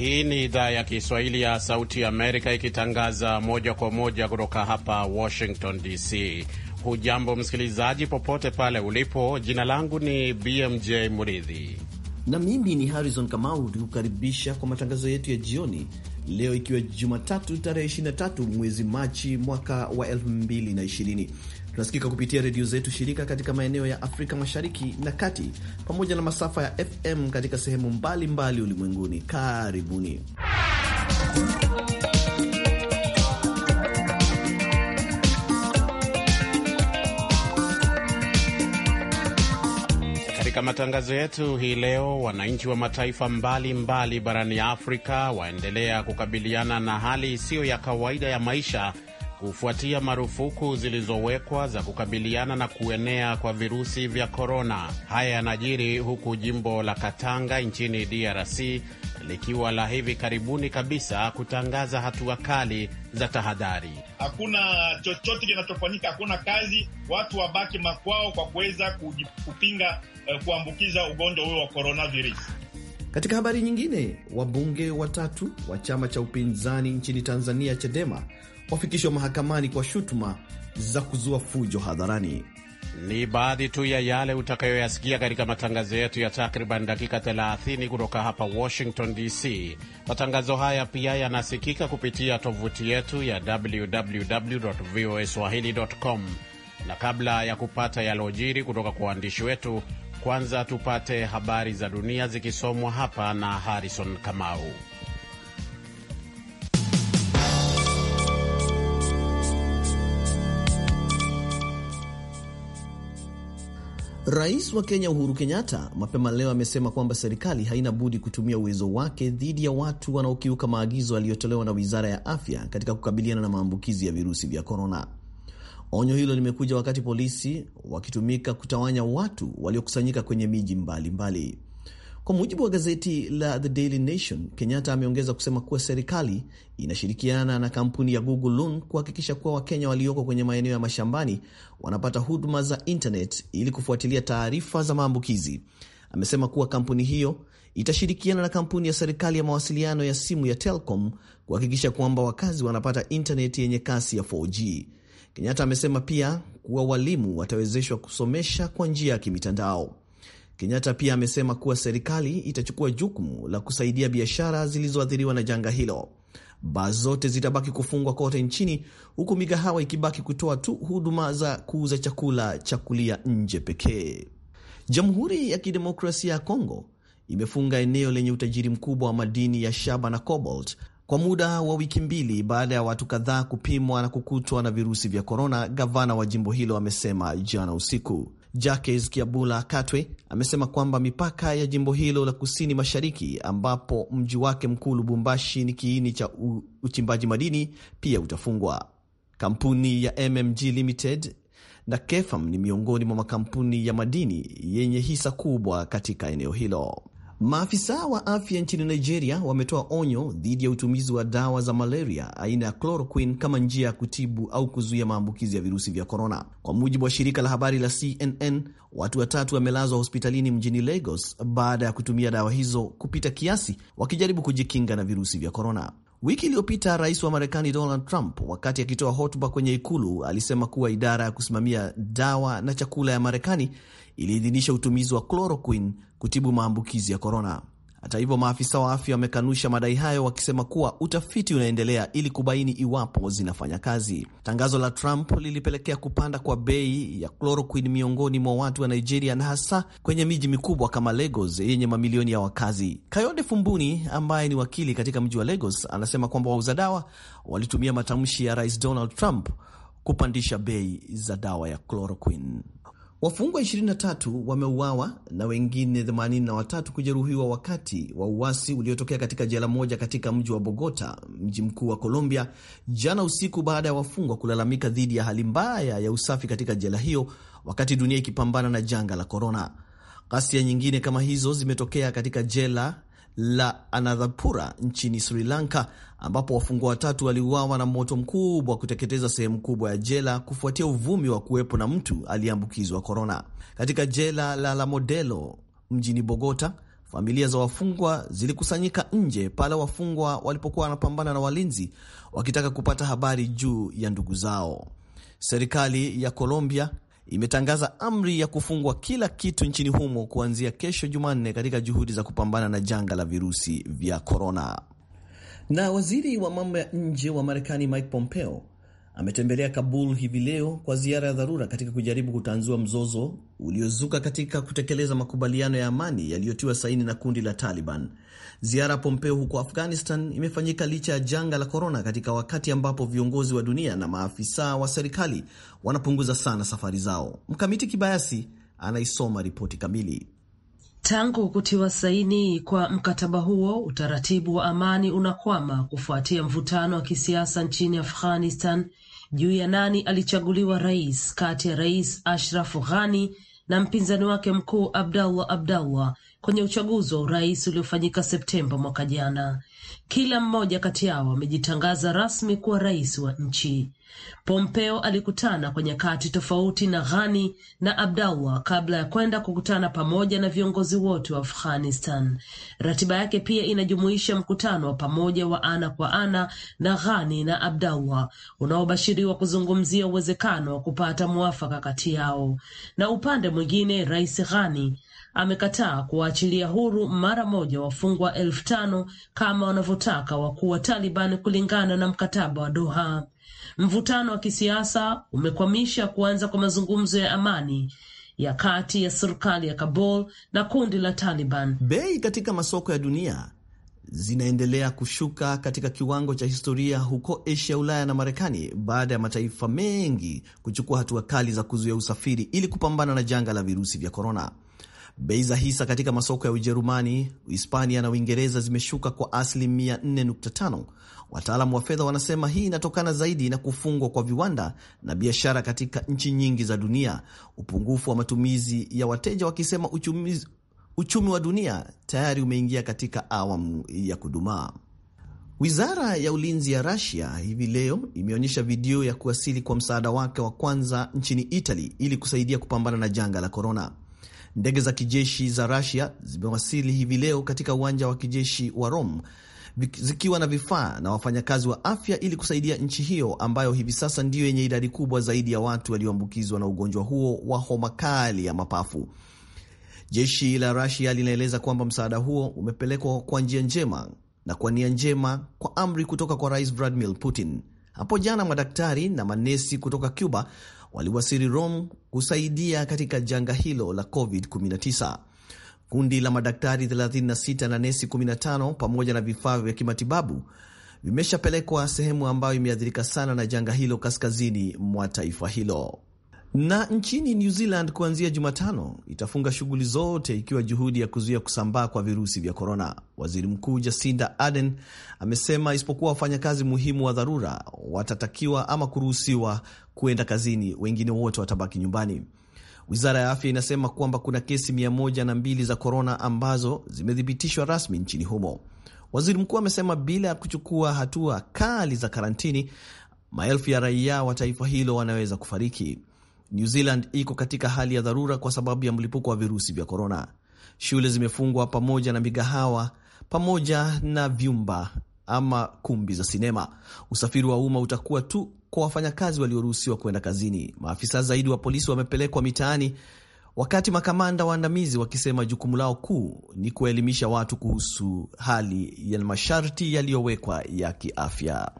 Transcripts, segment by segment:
Hii ni idhaa ya Kiswahili ya Sauti ya Amerika ikitangaza moja kwa moja kutoka hapa Washington DC. Hujambo msikilizaji, popote pale ulipo. Jina langu ni BMJ Muridhi na mimi ni Harrison Kamau, tukukaribisha kwa matangazo yetu ya jioni leo, ikiwa Jumatatu tarehe 23 mwezi Machi mwaka wa 2020. Tunasikika kupitia redio zetu shirika katika maeneo ya Afrika Mashariki na Kati, pamoja na masafa ya FM katika sehemu mbalimbali ulimwenguni. Karibuni. Katika matangazo yetu hii leo, wananchi wa mataifa mbalimbali mbali barani Afrika waendelea kukabiliana na hali isiyo ya kawaida ya maisha kufuatia marufuku zilizowekwa za kukabiliana na kuenea kwa virusi vya korona. Haya yanajiri huku jimbo la Katanga nchini DRC likiwa la hivi karibuni kabisa kutangaza hatua kali za tahadhari. Hakuna chochote kinachofanyika, hakuna kazi, watu wabaki makwao kwa kuweza kupinga eh, kuambukiza ugonjwa huo wa coronavirus. Katika habari nyingine, wabunge watatu wa chama cha upinzani nchini Tanzania, Chadema, wafikishwa mahakamani kwa shutuma za kuzua fujo hadharani. Ni baadhi tu ya yale utakayoyasikia katika matangazo yetu ya takriban dakika 30 kutoka hapa Washington DC. Matangazo haya pia yanasikika kupitia tovuti yetu ya www voa swahili.com. Na kabla ya kupata yalojiri kutoka kwa waandishi wetu, kwanza tupate habari za dunia zikisomwa hapa na Harrison Kamau. Rais wa Kenya Uhuru Kenyatta mapema leo amesema kwamba serikali haina budi kutumia uwezo wake dhidi ya watu wanaokiuka maagizo yaliyotolewa na Wizara ya Afya katika kukabiliana na maambukizi ya virusi vya korona. Onyo hilo limekuja wakati polisi wakitumika kutawanya watu waliokusanyika kwenye miji mbalimbali mbali. Kwa mujibu wa gazeti la The Daily Nation, Kenyatta ameongeza kusema kuwa serikali inashirikiana na kampuni ya Google Loan kuhakikisha kuwa Wakenya walioko kwenye maeneo ya mashambani wanapata huduma za internet ili kufuatilia taarifa za maambukizi. Amesema kuwa kampuni hiyo itashirikiana na kampuni ya serikali ya mawasiliano ya simu ya Telcom kuhakikisha kwamba wakazi wanapata intaneti yenye kasi ya 4G. Kenyatta amesema pia kuwa walimu watawezeshwa kusomesha kwa njia ya kimitandao. Kenyatta pia amesema kuwa serikali itachukua jukumu la kusaidia biashara zilizoathiriwa na janga hilo. Baa zote zitabaki kufungwa kote nchini, huku migahawa ikibaki kutoa tu huduma za kuuza chakula cha kulia nje pekee. Jamhuri ya Kidemokrasia ya Kongo imefunga eneo lenye utajiri mkubwa wa madini ya shaba na cobalt kwa muda wa wiki mbili baada ya watu kadhaa kupimwa na kukutwa na virusi vya korona, gavana wa jimbo hilo amesema jana usiku. Jacques Kiabula Katwe amesema kwamba mipaka ya jimbo hilo la kusini mashariki, ambapo mji wake mkuu Lubumbashi ni kiini cha uchimbaji madini, pia utafungwa. Kampuni ya MMG Limited na Kefam ni miongoni mwa makampuni ya madini yenye hisa kubwa katika eneo hilo. Maafisa wa afya nchini Nigeria wametoa onyo dhidi ya utumizi wa dawa za malaria aina ya chloroquine kama njia ya kutibu au kuzuia maambukizi ya virusi vya korona. Kwa mujibu wa shirika la habari la CNN, watu watatu wamelazwa hospitalini mjini Lagos baada ya kutumia dawa hizo kupita kiasi, wakijaribu kujikinga na virusi vya korona. Wiki iliyopita rais wa Marekani Donald Trump, wakati akitoa hotuba kwenye ikulu, alisema kuwa idara ya kusimamia dawa na chakula ya Marekani iliidhinisha utumizi wa chloroquine kutibu maambukizi ya korona. Hata hivyo, maafisa wa afya wamekanusha madai hayo, wakisema kuwa utafiti unaendelea ili kubaini iwapo zinafanya kazi. Tangazo la Trump lilipelekea kupanda kwa bei ya chloroquine miongoni mwa watu wa Nigeria na hasa kwenye miji mikubwa kama Lagos yenye mamilioni ya wakazi. Kayode Fumbuni ambaye ni wakili katika mji wa Lagos anasema kwamba wauza dawa walitumia matamshi ya Rais Donald Trump kupandisha bei za dawa ya chloroquine. Wafungwa 23 wameuawa na wengine 83 kujeruhiwa wakati wa uasi uliotokea katika jela moja katika mji wa Bogota, mji mkuu wa Colombia, jana usiku baada ya wafungwa kulalamika dhidi ya hali mbaya ya usafi katika jela hiyo wakati dunia ikipambana na janga la korona. Ghasia nyingine kama hizo zimetokea katika jela la Anadhapura nchini Sri Lanka, ambapo wafungwa watatu waliuawa na moto mkubwa kuteketeza sehemu kubwa ya jela kufuatia uvumi wa kuwepo na mtu aliyeambukizwa korona. Katika jela la La Modelo mjini Bogota, familia za wafungwa zilikusanyika nje pale wafungwa walipokuwa wanapambana na walinzi wakitaka kupata habari juu ya ndugu zao. Serikali ya Colombia imetangaza amri ya kufungwa kila kitu nchini humo kuanzia kesho Jumanne, katika juhudi za kupambana na janga la virusi vya korona. Na waziri wa mambo ya nje wa Marekani Mike Pompeo ametembelea Kabul hivi leo kwa ziara ya dharura katika kujaribu kutanzua mzozo uliozuka katika kutekeleza makubaliano ya amani yaliyotiwa saini na kundi la Taliban Ziara ya Pompeo huko Afghanistan imefanyika licha ya janga la korona, katika wakati ambapo viongozi wa dunia na maafisa wa serikali wanapunguza sana safari zao. Mkamiti Kibayasi anaisoma ripoti kamili. Tangu kutiwa saini kwa mkataba huo, utaratibu wa amani unakwama kufuatia mvutano wa kisiasa nchini Afghanistan juu ya nani alichaguliwa rais kati ya Rais Ashraf Ghani na mpinzani wake mkuu Abdallah Abdallah kwenye uchaguzi wa urais uliofanyika Septemba mwaka jana. Kila mmoja kati yao amejitangaza rasmi kuwa rais wa nchi. Pompeo alikutana kwa nyakati tofauti na Ghani na Abdallah kabla ya kwenda kukutana pamoja na viongozi wote wa Afghanistan. Ratiba yake pia inajumuisha mkutano wa pamoja wa ana kwa ana na Ghani na Abdallah unaobashiriwa kuzungumzia uwezekano wa kupata mwafaka kati yao. Na upande mwingine, rais Ghani amekataa kuwaachilia huru mara moja wafungwa elfu tano kama wanavyotaka wakuu wa Taliban kulingana na mkataba wa Doha. Mvutano wa kisiasa umekwamisha kuanza kwa mazungumzo ya amani ya kati ya serikali ya Kabul na kundi la Taliban. Bei katika masoko ya dunia zinaendelea kushuka katika kiwango cha historia huko Asia, Ulaya na Marekani baada ya mataifa mengi kuchukua hatua kali za kuzuia usafiri ili kupambana na janga la virusi vya korona. Bei za hisa katika masoko ya Ujerumani, Hispania na Uingereza zimeshuka kwa asilimia 4.5. Wataalamu wa fedha wanasema hii inatokana zaidi na kufungwa kwa viwanda na biashara katika nchi nyingi za dunia, upungufu wa matumizi ya wateja, wakisema uchumi, uchumi wa dunia tayari umeingia katika awamu ya kudumaa. Wizara ya ulinzi ya rusia hivi leo imeonyesha video ya kuwasili kwa msaada wake wa kwanza nchini Italy ili kusaidia kupambana na janga la korona. Ndege za kijeshi za Rusia zimewasili hivi leo katika uwanja wa kijeshi wa Rome zikiwa na vifaa na wafanyakazi wa afya ili kusaidia nchi hiyo ambayo hivi sasa ndiyo yenye idadi kubwa zaidi ya watu walioambukizwa na ugonjwa huo wa homa kali ya mapafu. Jeshi la Rusia linaeleza kwamba msaada huo umepelekwa kwa njia njema na kwa nia njema kwa amri kutoka kwa Rais Vladimir Putin. Hapo jana madaktari na manesi kutoka Cuba waliwasili Rome kusaidia katika janga hilo la COVID-19. Kundi la madaktari 36 na nesi 15 pamoja na vifaa vya kimatibabu vimeshapelekwa sehemu ambayo imeathirika sana na janga hilo kaskazini mwa taifa hilo. Na nchini New Zealand kuanzia Jumatano itafunga shughuli zote ikiwa juhudi ya kuzuia kusambaa kwa virusi vya korona. Waziri Mkuu Jacinda Ardern amesema isipokuwa wafanyakazi muhimu wa dharura watatakiwa ama kuruhusiwa kuenda kazini, wengine wote watabaki nyumbani. Wizara ya afya inasema kwamba kuna kesi mia moja na mbili za korona ambazo zimethibitishwa rasmi nchini humo. Waziri mkuu amesema bila ya kuchukua hatua kali za karantini, maelfu ya raia wa taifa hilo wanaweza kufariki. New Zealand iko katika hali ya dharura kwa sababu ya mlipuko wa virusi vya korona. Shule zimefungwa pamoja na migahawa pamoja na vyumba ama kumbi za sinema. Usafiri wa umma utakuwa tu kwa wafanyakazi walioruhusiwa kwenda kazini. Maafisa zaidi wa polisi wamepelekwa mitaani, wakati makamanda waandamizi wakisema jukumu lao kuu ni kuwaelimisha watu kuhusu hali ya masharti yaliyowekwa ya kiafya.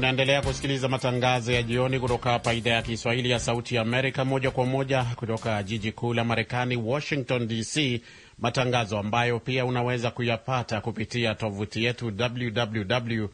Unaendelea kusikiliza matangazo ya jioni kutoka hapa idhaa ya Kiswahili ya Sauti Amerika, moja kwa moja kutoka jiji kuu la Marekani, Washington DC, matangazo ambayo pia unaweza kuyapata kupitia tovuti yetu www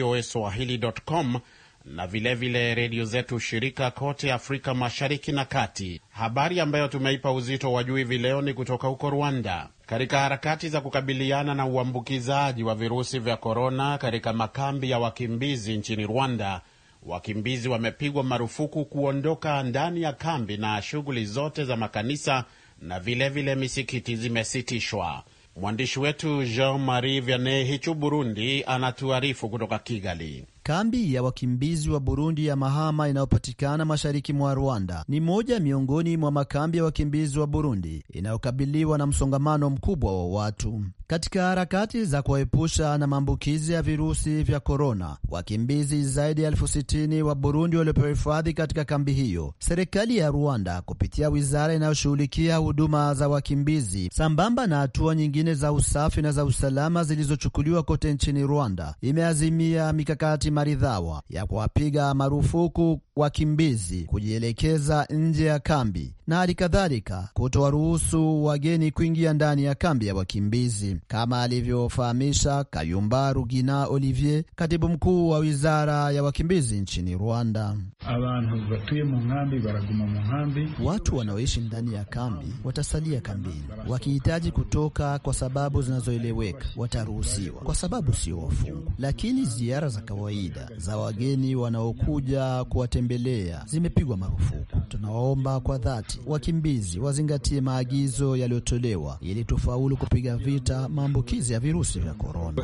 voa swahili com na vilevile redio zetu shirika kote Afrika Mashariki na Kati. Habari ambayo tumeipa uzito wa juu hivi leo ni kutoka huko Rwanda katika harakati za kukabiliana na uambukizaji wa virusi vya korona katika makambi ya wakimbizi nchini Rwanda, wakimbizi wamepigwa marufuku kuondoka ndani ya kambi na shughuli zote za makanisa na vilevile vile misikiti zimesitishwa. Mwandishi wetu Jean Marie Vianney Hichu Burundi anatuarifu kutoka Kigali. Kambi ya wakimbizi wa Burundi ya Mahama inayopatikana mashariki mwa Rwanda ni moja miongoni mwa makambi ya wakimbizi wa Burundi inayokabiliwa na msongamano mkubwa wa watu. Katika harakati za kuwaepusha na maambukizi ya virusi vya korona, wakimbizi zaidi ya elfu sitini wa Burundi waliopewa hifadhi katika kambi hiyo, serikali ya Rwanda kupitia wizara inayoshughulikia huduma za wakimbizi, sambamba na hatua nyingine za usafi na za usalama zilizochukuliwa kote nchini Rwanda, imeazimia mikakati maridhawa ya kuwapiga marufuku wakimbizi kujielekeza nje ya kambi na hali kadhalika kutoa ruhusu wageni kuingia ndani ya kambi ya wakimbizi, kama alivyofahamisha Kayumba Rugina Olivier, katibu mkuu wa wizara ya wakimbizi nchini Rwanda. Abantu batuye mu nkambi baraguma mu nkambi, watu wanaoishi ndani ya kambi watasalia kambini. Wakihitaji kutoka kwa sababu zinazoeleweka wataruhusiwa, kwa sababu sio wafungwa. Lakini ziara za kawaida za wageni wanaokuja kuwatembelea zimepigwa marufuku. Tunawaomba kwa dhati wakimbizi wazingatie maagizo yaliyotolewa ili tufaulu kupiga vita maambukizi ya virusi vya korona.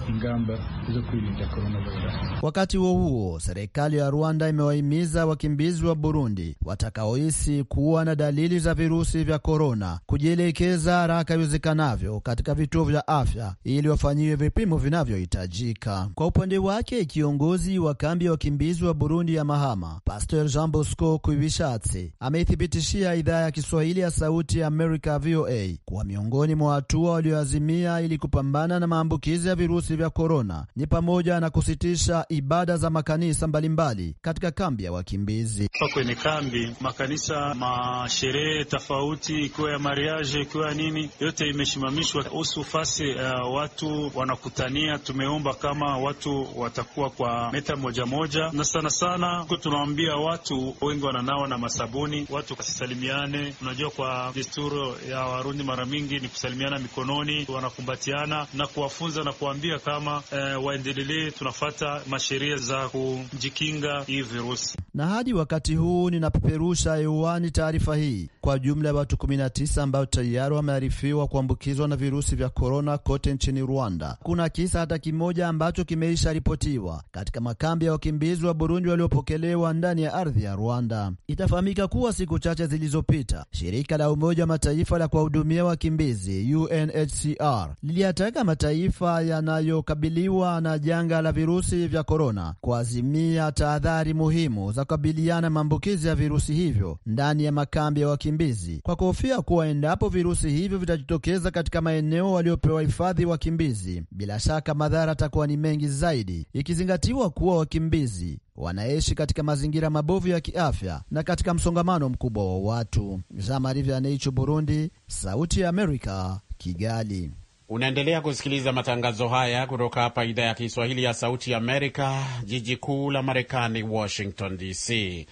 Wakati huo huo, serikali ya Rwanda imewahimiza wakimbizi wa Burundi watakaohisi kuwa na dalili za virusi vya korona kujielekeza haraka iwezekanavyo katika vituo vya afya ili wafanyiwe vipimo vinavyohitajika. Kwa upande wake, kiongozi wa kambi ya wakimbizi wa Burundi ya Mahama, Pastor Jean Bosco Kuibishatsi ameithibitishia idhaa idhaa ya Kiswahili ya Sauti ya Amerika, VOA, kuwa miongoni mwa hatua walioazimia ili kupambana na maambukizi ya virusi vya korona ni pamoja na kusitisha ibada za makanisa mbalimbali katika kambi ya wakimbizi. Kwenye kambi, makanisa, masherehe tofauti, ikiwa ya mariaje, ikiwa ya nini, yote imesimamishwa. Husu fasi uh, watu wanakutania, tumeomba kama watu watakuwa kwa meta moja moja, na sana sana tunawaambia watu wengi wananawa na masabuni, watu wasisalimiane tusalimiane. Unajua, kwa desturi ya Warundi mara mingi ni kusalimiana mikononi, wanakumbatiana na kuwafunza na kuambia kama e, waendelee, tunafata masheria za kujikinga hii virusi. Na hadi wakati huu ninapeperusha hewani taarifa hii, kwa jumla ya watu 19 ambao tayari wamearifiwa kuambukizwa na virusi vya korona kote nchini Rwanda. Kuna kisa hata kimoja ambacho kimeisha ripotiwa katika makambi ya wakimbizi wa Burundi waliopokelewa ndani ya ardhi ya Rwanda. Itafahamika kuwa siku chache zilizopita iliyopita, shirika la Umoja wa Mataifa la kuwahudumia wakimbizi UNHCR liliyataka mataifa yanayokabiliwa na janga la virusi vya korona kuazimia tahadhari muhimu za kukabiliana maambukizi ya virusi hivyo ndani ya makambi ya wakimbizi kwa kuhofia kuwa endapo virusi hivyo vitajitokeza katika maeneo waliopewa hifadhi wakimbizi, bila shaka madhara atakuwa ni mengi zaidi, ikizingatiwa kuwa wakimbizi wanaishi katika mazingira mabovu ya kiafya na katika msongamano mkubwa wa watu. Jamarivaneicho, Burundi, Sauti ya Amerika, Kigali. Unaendelea kusikiliza matangazo haya kutoka hapa idhaa ya Kiswahili ya Sauti ya Amerika, jiji kuu la Marekani, Washington DC.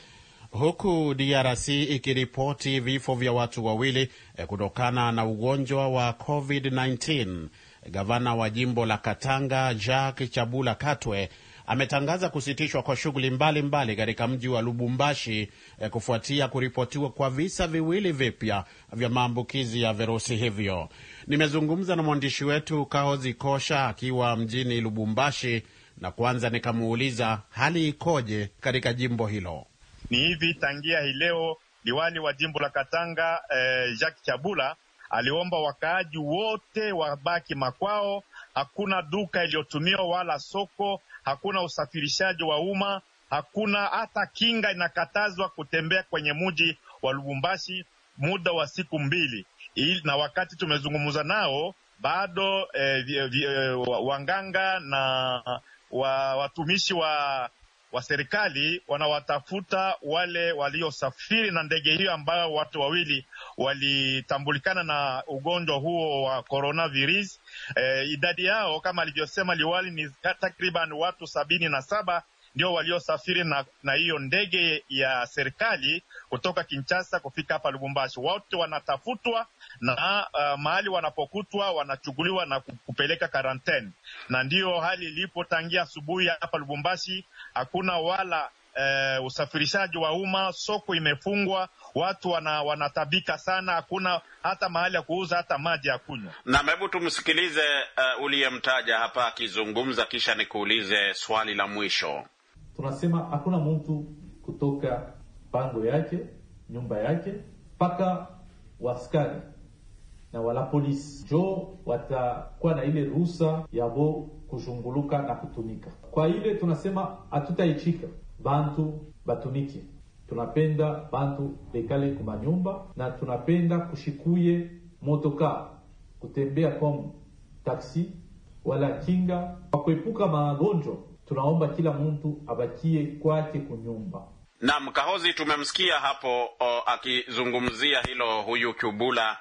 Huku DRC ikiripoti vifo vya watu wawili eh, kutokana na ugonjwa wa COVID-19, gavana wa jimbo la Katanga Jacques Chabula Katwe ametangaza kusitishwa kwa shughuli mbalimbali katika mji wa Lubumbashi eh, kufuatia kuripotiwa kwa visa viwili vipya vya maambukizi ya virusi hivyo. Nimezungumza na mwandishi wetu Kahozi Kosha akiwa mjini Lubumbashi na kwanza nikamuuliza hali ikoje katika jimbo hilo. Ni hivi, tangia hii leo liwali wa jimbo la Katanga eh, Jacques Chabula aliomba wakaaji wote wabaki makwao. Hakuna duka iliyotumiwa wala soko hakuna usafirishaji wa umma, hakuna hata kinga, inakatazwa kutembea kwenye mji wa Lubumbashi muda wa siku mbili. Na wakati tumezungumza nao bado eh, vye, vye, eh, wanganga na wa, watumishi wa wa serikali wanawatafuta wale waliosafiri na ndege hiyo ambayo watu wawili walitambulikana na ugonjwa huo wa coronavirus. E, idadi yao kama alivyosema liwali ni takriban watu sabini na saba ndio waliosafiri na hiyo ndege ya serikali kutoka Kinshasa kufika hapa Lubumbashi. Wote wanatafutwa na uh, mahali wanapokutwa wanachuguliwa na kupeleka karanteni, na ndiyo hali ilipo tangia asubuhi hapa Lubumbashi hakuna wala eh, usafirishaji wa umma, soko imefungwa, watu wana, wanatabika sana, hakuna hata mahali ya kuuza hata maji ya kunywa. Naam, hebu tumsikilize uh, uliyemtaja hapa akizungumza, kisha nikuulize swali la mwisho. Tunasema hakuna mtu kutoka pango yake nyumba yake mpaka waskari na wala polisi jo watakuwa na ile ruhusa ya kuzunguluka na kutumika. Kwa ile tunasema hatutaichika bantu batumike, tunapenda bantu bekale kumanyumba, na tunapenda kushikuye motoka kutembea komu taksi wala kinga kwa kuepuka magonjwa. Tunaomba kila mtu abakie kwake kunyumba. Naam, Kahozi, tumemsikia hapo o, akizungumzia hilo huyu Kyubula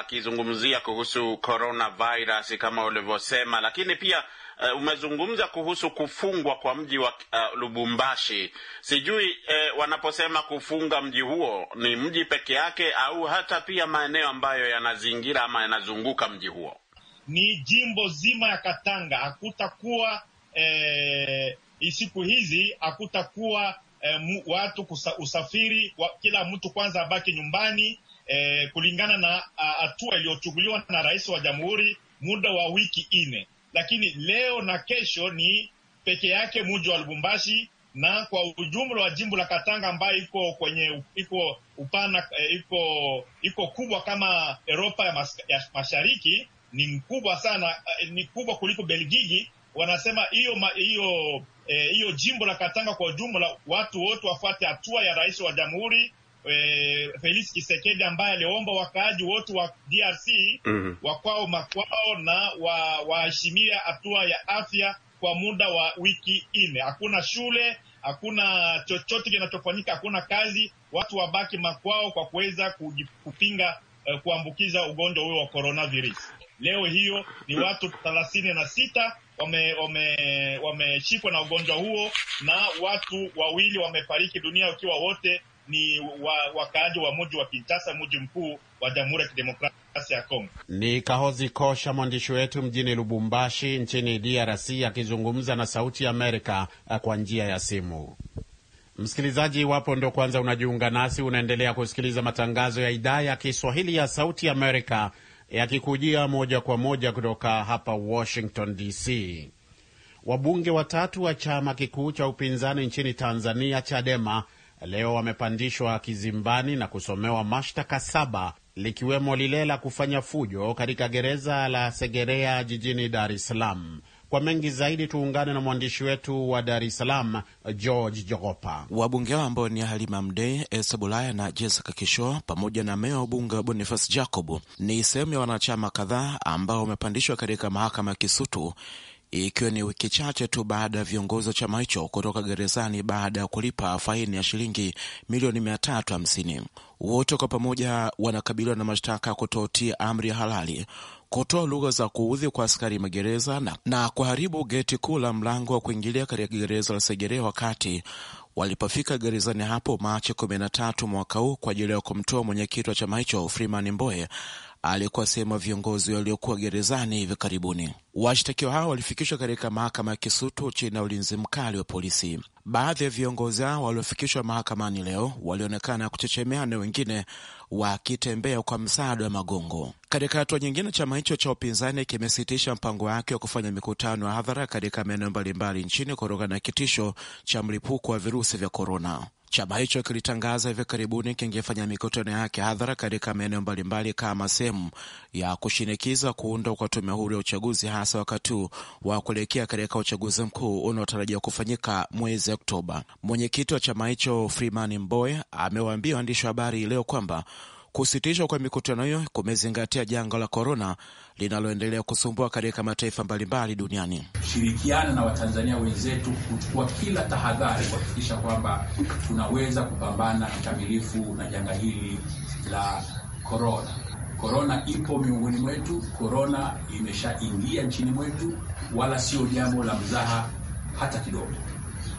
akizungumzia kuhusu coronavirus kama ulivyosema, lakini pia Uh, umezungumza kuhusu kufungwa kwa mji wa uh, Lubumbashi. Sijui uh, wanaposema kufunga mji huo ni mji peke yake au hata pia maeneo ambayo yanazingira ama yanazunguka mji huo? Ni jimbo zima ya Katanga. Hakutakuwa eh, siku hizi hakutakuwa eh, watu kusa, usafiri wa, kila mtu kwanza abaki nyumbani eh, kulingana na hatua iliyochukuliwa na rais wa jamhuri muda wa wiki nne, lakini leo na kesho ni peke yake mji wa Lubumbashi na kwa ujumla wa jimbo la Katanga ambayo iko kwenye iko upana e, iko iko kubwa kama Europa ya, mas, ya mashariki ni mkubwa sana, e, ni kubwa kuliko Belgiji. Wanasema hiyo hiyo hiyo e, jimbo la Katanga kwa ujumla, watu wote wafuate hatua ya rais wa jamhuri e, Felix Tshisekedi ambaye aliomba wakaaji wote wa DRC mm -hmm. wakwao makwao na waheshimia wa hatua ya afya kwa muda wa wiki nne. Hakuna shule, hakuna chochote kinachofanyika, hakuna kazi, watu wabaki makwao kwa kuweza kupinga uh, kuambukiza ugonjwa huo wa coronavirus. Leo hiyo ni mm. watu thelathini na sita wameshikwa na ugonjwa huo na watu wawili wamefariki dunia, ukiwa wote ni wakaaji wa, wa muji wa Kinshasa, muji mkuu wa Jamhuri ya Kidemokrasia ya Kongo. Ni Kahozi Kosha, mwandishi wetu mjini Lubumbashi nchini DRC, akizungumza na Sauti ya Amerika eh, kwa njia ya simu. Msikilizaji, iwapo ndo kwanza unajiunga nasi, unaendelea kusikiliza matangazo ya idhaa ya Kiswahili ya Sauti Amerika eh, yakikujia moja kwa moja kutoka hapa Washington DC. Wabunge watatu wa chama kikuu cha upinzani nchini Tanzania, Chadema, leo wamepandishwa kizimbani na kusomewa mashtaka saba likiwemo lile la kufanya fujo katika gereza la Segerea jijini Dar es Salaam. Kwa mengi zaidi tuungane na mwandishi wetu wa Dar es Salaam, George Jogopa. Wabunge hao ambao ni Halima Mdee, Esa Bulaya na Jessica kisho pamoja na meya wa bunge Boniface Jacob ni sehemu ya wanachama kadhaa ambao wamepandishwa katika mahakama ya Kisutu ikiwa ni wiki chache tu baada ya viongozi wa chama hicho kutoka gerezani baada ya kulipa faini ya shilingi milioni hamsini. Wote kwa pamoja wanakabiliwa na mashtaka ya kutotii amri ya halali, kutoa lugha za kuudhi kwa askari magereza na, na kuharibu geti kuu la mlango wa kuingilia katika gereza la Segerea wakati walipofika gerezani hapo Machi 13 mwaka huu kwa ajili ya kumtoa mwenyekiti wa chama hicho Freeman Mbowe alikuwa sehemu ya viongozi waliokuwa gerezani hivi karibuni. Washtakiwa hao walifikishwa katika mahakama ya Kisutu chini ya ulinzi mkali wa polisi. Baadhi ya viongozi hao waliofikishwa mahakamani leo walionekana kuchechemea na wengine wakitembea kwa msaada wa magongo. Katika hatua nyingine, chama hicho cha upinzani kimesitisha mpango wake wa kufanya mikutano ya hadhara katika maeneo mbalimbali nchini kutokana na kitisho cha mlipuko wa virusi vya korona. Chama hicho kilitangaza hivi karibuni kingefanya mikutano yake hadhara katika maeneo mbalimbali kama sehemu ya kushinikiza kuundwa kwa tume huru ya uchaguzi, hasa wakati huu wa kuelekea katika uchaguzi mkuu unaotarajiwa kufanyika mwezi Oktoba. Mwenyekiti wa chama hicho Freeman Mbowe amewaambia waandishi wa habari leo kwamba kusitishwa kwa mikutano hiyo kumezingatia janga la korona linaloendelea kusumbua katika mataifa mbalimbali duniani. shirikiana na Watanzania wenzetu kuchukua kila tahadhari kuhakikisha kwamba tunaweza kupambana kikamilifu na janga hili la korona. Korona ipo miongoni mwetu, korona imeshaingia nchini mwetu, wala sio jambo la mzaha hata kidogo.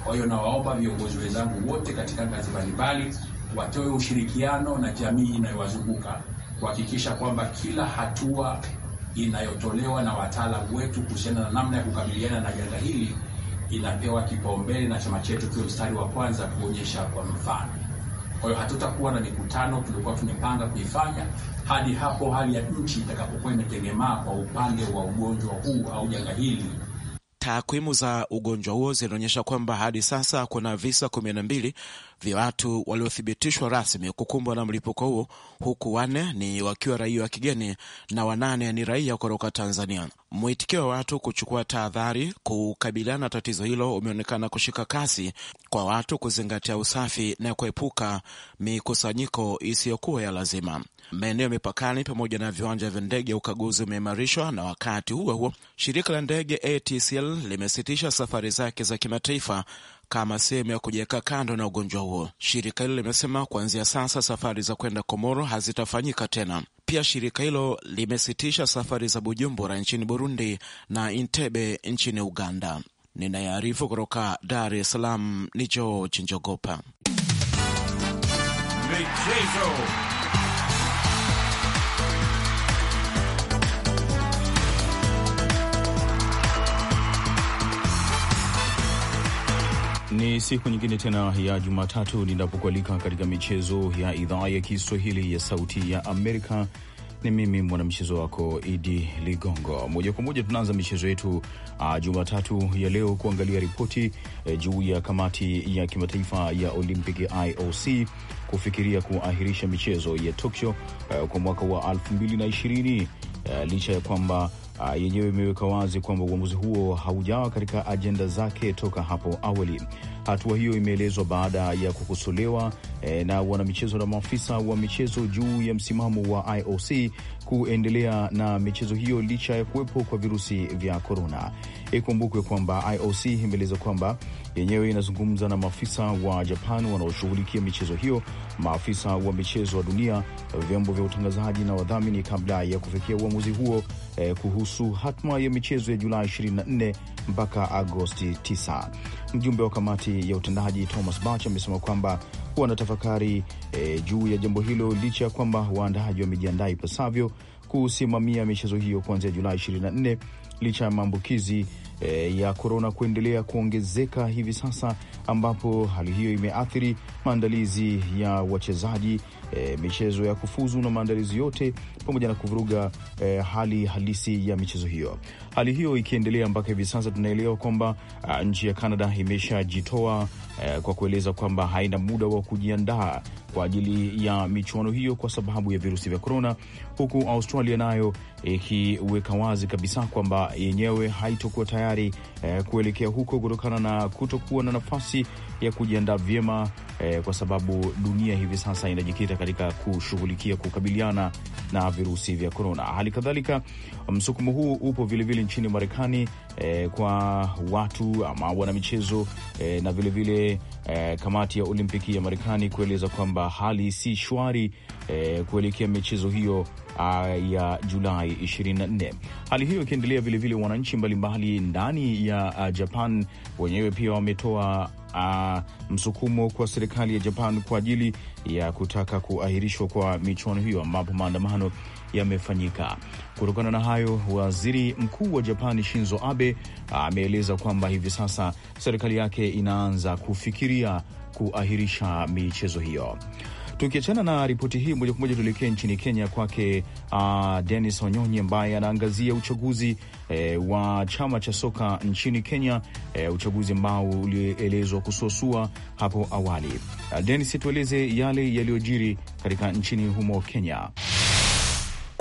Kwa hiyo nawaomba viongozi wenzangu wote katika ngazi mbalimbali watoe ushirikiano na jamii inayowazunguka kuhakikisha kwamba kila hatua inayotolewa na wataalamu wetu kuhusiana na namna ya kukabiliana na janga hili inapewa kipaumbele na chama chetu kiwe mstari wa kwanza kuonyesha kwa mfano. Kwa hiyo hatutakuwa na mikutano tulikuwa tumepanga kuifanya hadi hapo hali ya nchi itakapokuwa imetegemaa kwa upande wa ugonjwa huu au janga hili. Takwimu za ugonjwa huo zinaonyesha kwamba hadi sasa kuna visa kumi na mbili watu waliothibitishwa rasmi kukumbwa na mlipuko huo, huku wanne ni wakiwa raia wa kigeni na wanane ni raia kutoka Tanzania. Mwitikio wa watu kuchukua tahadhari kukabiliana na tatizo hilo umeonekana kushika kasi kwa watu kuzingatia usafi na kuepuka mikusanyiko isiyokuwa ya lazima. Maeneo mipakani pamoja na viwanja vya ndege ukaguzi umeimarishwa, na wakati huo huo shirika la ndege ATCL limesitisha safari zake za kimataifa kama sehemu ya kujiweka kando na ugonjwa huo. Shirika hilo limesema kuanzia sasa safari za kwenda Komoro hazitafanyika tena. Pia shirika hilo limesitisha safari za Bujumbura nchini Burundi na Intebe nchini Uganda. Ninayearifu kutoka Dar es Salaam ni George Njogopa. Michezo. Ni siku nyingine tena ya Jumatatu ninapokualika katika michezo ya idhaa ya Kiswahili ya Sauti ya Amerika. Ni mimi mwanamchezo wako Idi Ligongo. Moja kwa moja tunaanza michezo yetu uh, Jumatatu ya leo kuangalia ripoti eh, juu ya kamati ya kimataifa ya Olimpiki IOC kufikiria kuahirisha michezo ya Tokyo uh, kwa mwaka wa 2020 uh, eh, licha ya kwamba uh, yenyewe imeweka wazi kwamba uamuzi huo haujawa katika ajenda zake toka hapo awali. Hatua hiyo imeelezwa baada ya kukosolewa eh, na wanamichezo na maafisa wa michezo juu ya msimamo wa IOC kuendelea na michezo hiyo licha ya kuwepo kwa virusi vya korona. Ikumbukwe kwamba IOC imeeleza kwamba yenyewe inazungumza na maafisa wa Japan wanaoshughulikia michezo hiyo, maafisa wa michezo wa dunia, vyombo vya utangazaji na wadhamini kabla ya kufikia uamuzi huo eh, kuhusu hatma ya michezo ya Julai 24 mpaka Agosti 9. Mjumbe wa kamati ya utendaji Thomas Bach amesema kwamba wanatafakari eh, juu ya jambo hilo licha ya kwamba waandaaji wamejiandaa ipasavyo kusimamia michezo hiyo kuanzia Julai 24 licha ya maambukizi e, ya korona kuendelea kuongezeka hivi sasa, ambapo hali hiyo imeathiri maandalizi ya wachezaji e, michezo ya kufuzu na maandalizi yote pamoja na kuvuruga e, hali halisi ya michezo hiyo. Hali hiyo ikiendelea mpaka hivi sasa, tunaelewa kwamba uh, nchi ya Canada imeshajitoa uh, kwa kueleza kwamba haina muda wa kujiandaa kwa ajili ya michuano hiyo kwa sababu ya virusi vya korona, huku Australia nayo ikiweka wazi kabisa kwamba yenyewe haitokuwa tayari eh, kuelekea huko kutokana na kutokuwa na nafasi ya kujiandaa vyema eh, kwa sababu dunia hivi sasa inajikita katika kushughulikia kukabiliana na virusi vya korona. Hali kadhalika msukumo huu upo vilevile nchini Marekani eh, kwa watu ama wanamichezo eh, na vilevile eh, kamati ya Olimpiki ya Marekani kueleza kwamba hali si shwari eh, kuelekea michezo hiyo ya Julai 24. Hali hiyo ikiendelea, vilevile wananchi mbalimbali ndani ya Japan wenyewe pia wametoa uh, msukumo kwa serikali ya Japan kwa ajili ya kutaka kuahirishwa kwa michuano hiyo, ambapo maandamano yamefanyika. Kutokana na hayo, waziri mkuu wa Japani Shinzo Abe ameeleza kwamba hivi sasa serikali yake inaanza kufikiria kuahirisha michezo hiyo. Tukiachana na ripoti hii moja kwa moja, tuelekee nchini Kenya kwake uh, ah, Denis onyonyi ambaye anaangazia uchaguzi eh, wa chama cha soka nchini Kenya eh, uchaguzi ambao ulielezwa kusuasua hapo awali. Uh, ah, Denis, tueleze yale yaliyojiri katika nchini humo Kenya.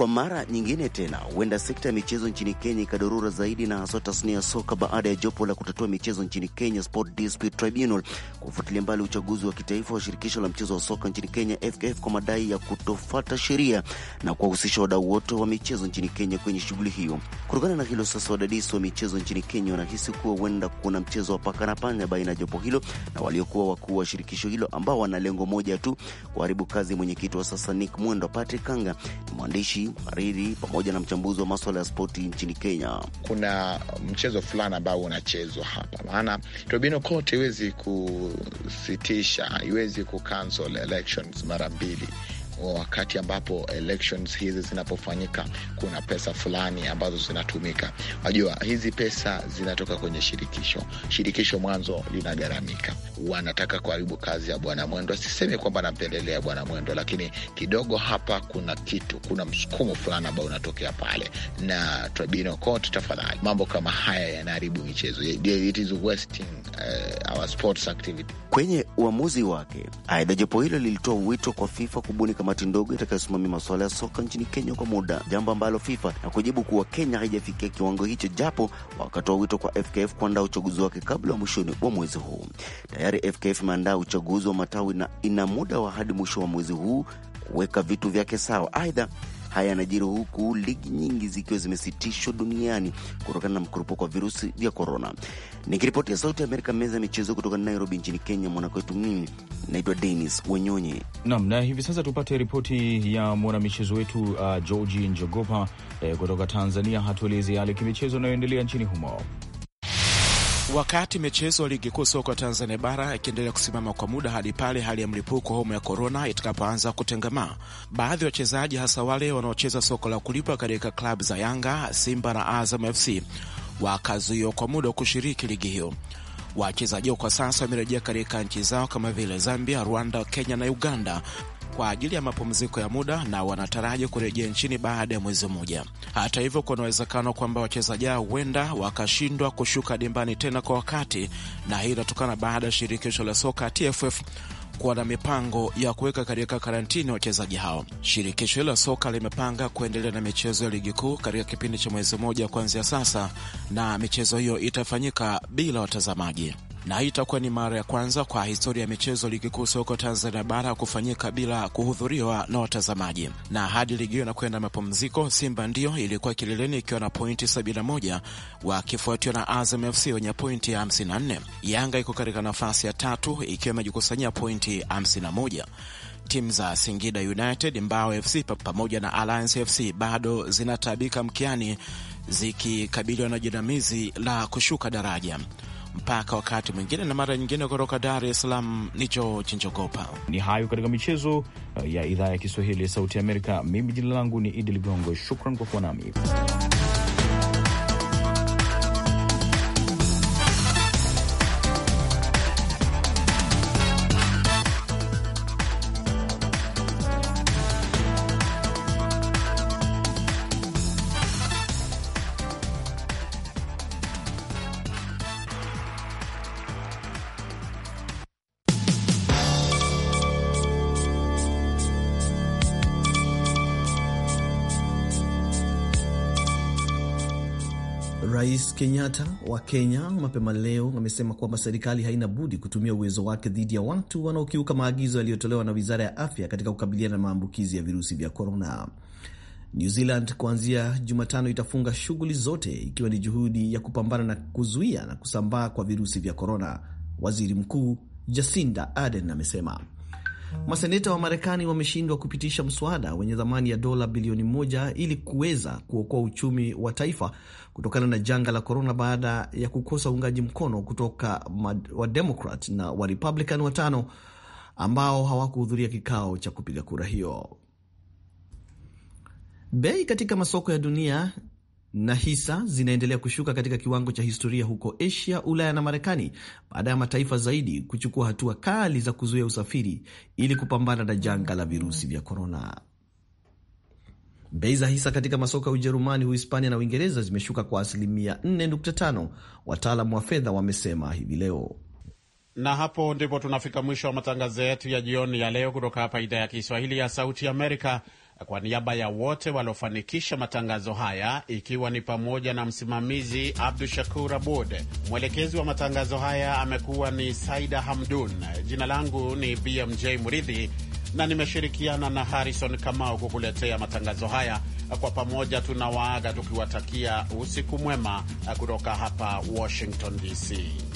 Kwa mara nyingine tena, huenda sekta ya michezo nchini Kenya ikadorora zaidi, na haswa tasnia ya soka baada ya jopo la kutatua michezo nchini Kenya Sport Dispute Tribunal kufuatilia mbali uchaguzi wa kitaifa wa shirikisho la mchezo wa soka nchini Kenya FKF kwa madai ya kutofuata sheria na kuwahusisha wadau wote wa michezo nchini Kenya kwenye shughuli hiyo. Kutokana na hilo sasa, wadadisi wa michezo nchini Kenya wanahisi kuwa huenda kuna mchezo wa paka na panya baina ya jopo hilo na waliokuwa wakuu wa shirikisho hilo ambao wana lengo moja tu, kuharibu kazi mwenyekiti wa sasa Nick Mwendo. Patrick Kanga ni mwandishi mhariri pamoja na mchambuzi wa maswala ya spoti nchini Kenya. Kuna mchezo fulani ambao unachezwa hapa, maana tribunal court iwezi kusitisha, iwezi kucancel elections mara mbili wakati ambapo elections hizi zinapofanyika, kuna pesa fulani ambazo zinatumika. Najua hizi pesa zinatoka kwenye shirikisho. Shirikisho mwanzo linagharamika, wanataka kuharibu kazi ya Bwana Mwendo. Sisemi kwamba nampendelea Bwana Mwendo, lakini kidogo hapa kuna kitu, kuna msukumo fulani ambao unatokea pale. Na Tribunal Court, tafadhali, mambo kama haya yanaharibu michezo. It is wasting, uh, our sports activity. Kwenye uamuzi wake, aidha jopo hilo lilitoa wito kwa FIFA kubuni kamati ndogo itakayosimamia masuala ya soka nchini Kenya kwa muda, jambo ambalo FIFA na kujibu kuwa Kenya haijafikia kiwango hicho, japo wakatoa wito kwa FKF kuandaa uchaguzi wake kabla ya mwishoni wa mwezi huu. Tayari FKF imeandaa uchaguzi wa matawi na ina muda wa hadi mwisho wa mwezi huu kuweka vitu vyake sawa. Aidha, Haya yanajiri huku ligi nyingi zikiwa zimesitishwa duniani kutokana na mkurupuko wa virusi vya korona. Nikiripoti ya Sauti ya Amerika, meza ya michezo kutoka Nairobi nchini Kenya, mwanakwetu mimi naitwa Denis Wenyonye nam. Na hivi sasa tupate ripoti ya mwanamichezo wetu uh, Georgi Njogopa eh, kutoka Tanzania, hatueleze yale kimichezo inayoendelea nchini humo. Wakati michezo ya ligi kuu soka Tanzania bara ikiendelea kusimama kwa muda hadi pale hali ya mlipuko homu ya korona itakapoanza kutengemaa, baadhi ya wachezaji hasa wale wanaocheza soko la kulipa katika klabu za Yanga, Simba na Azam FC wakazuiwa kwa muda wa kushiriki ligi hiyo. Wachezaji kwa sasa wamerejea katika nchi zao kama vile Zambia, Rwanda, Kenya na Uganda kwa ajili ya mapumziko ya muda na wanataraji kurejea nchini baada ya mwezi mmoja. Hata hivyo, kuna uwezekano kwamba wachezaji hao huenda wakashindwa kushuka dimbani tena kwa wakati, na hii inatokana baada ya shirikisho la soka TFF kuwa na mipango ya kuweka katika karantini wachezaji hao. Shirikisho hilo la soka limepanga kuendelea na michezo ya ligi kuu katika kipindi cha mwezi mmoja kuanzia sasa, na michezo hiyo itafanyika bila watazamaji na hii itakuwa ni mara ya kwanza kwa historia ya michezo ligi kuu soko Tanzania bara kufanyika bila kuhudhuriwa na watazamaji. Na hadi ligi hiyo inakwenda mapumziko, Simba ndiyo ilikuwa kileleni ikiwa na pointi 71 wakifuatiwa na Azam FC wenye pointi 54. Yanga iko katika nafasi ya tatu ikiwa imejikusanyia pointi 51. Timu za Singida United, Mbao FC pamoja na Alliance FC bado zinataabika mkiani zikikabiliwa na jinamizi la kushuka daraja mpaka wakati mwingine na mara nyingine. Kutoka Dar es Salaam ni George Njogopa. Ni hayo katika michezo uh, ya idhaa ya Kiswahili ya Sauti ya Amerika. Mimi jina langu ni Idi Ligongo, shukran kwa kuwa nami. Kenyatta wa Kenya mapema leo amesema kwamba serikali haina budi kutumia uwezo wake dhidi ya watu wanaokiuka maagizo yaliyotolewa na Wizara ya Afya katika kukabiliana na maambukizi ya virusi vya korona. New Zealand kuanzia Jumatano itafunga shughuli zote ikiwa ni juhudi ya kupambana na kuzuia na kusambaa kwa virusi vya korona, waziri mkuu Jacinda Ardern amesema. Maseneta wa Marekani wameshindwa kupitisha mswada wenye thamani ya dola bilioni moja ili kuweza kuokoa uchumi wa taifa kutokana na janga la korona, baada ya kukosa uungaji mkono kutoka Wademokrat na Warepublican watano ambao hawakuhudhuria kikao cha kupiga kura hiyo. Bei katika masoko ya dunia na hisa zinaendelea kushuka katika kiwango cha historia huko Asia, Ulaya na Marekani baada ya mataifa zaidi kuchukua hatua kali za kuzuia usafiri ili kupambana na janga la virusi vya korona. Bei za hisa katika masoko ya Ujerumani, Uhispania na Uingereza zimeshuka kwa asilimia 4.5, wataalamu wa fedha wamesema hivi leo. Na hapo ndipo tunafika mwisho wa matangazo yetu ya jioni ya leo kutoka hapa idhaa ya Kiswahili ya Sauti Amerika. Kwa niaba ya wote waliofanikisha matangazo haya, ikiwa ni pamoja na msimamizi Abdu Shakur Abud, mwelekezi wa matangazo haya amekuwa ni Saida Hamdun, jina langu ni BMJ Muridhi na nimeshirikiana na Harrison Kamau kukuletea matangazo haya. Kwa pamoja tunawaaga tukiwatakia usiku mwema kutoka hapa Washington DC.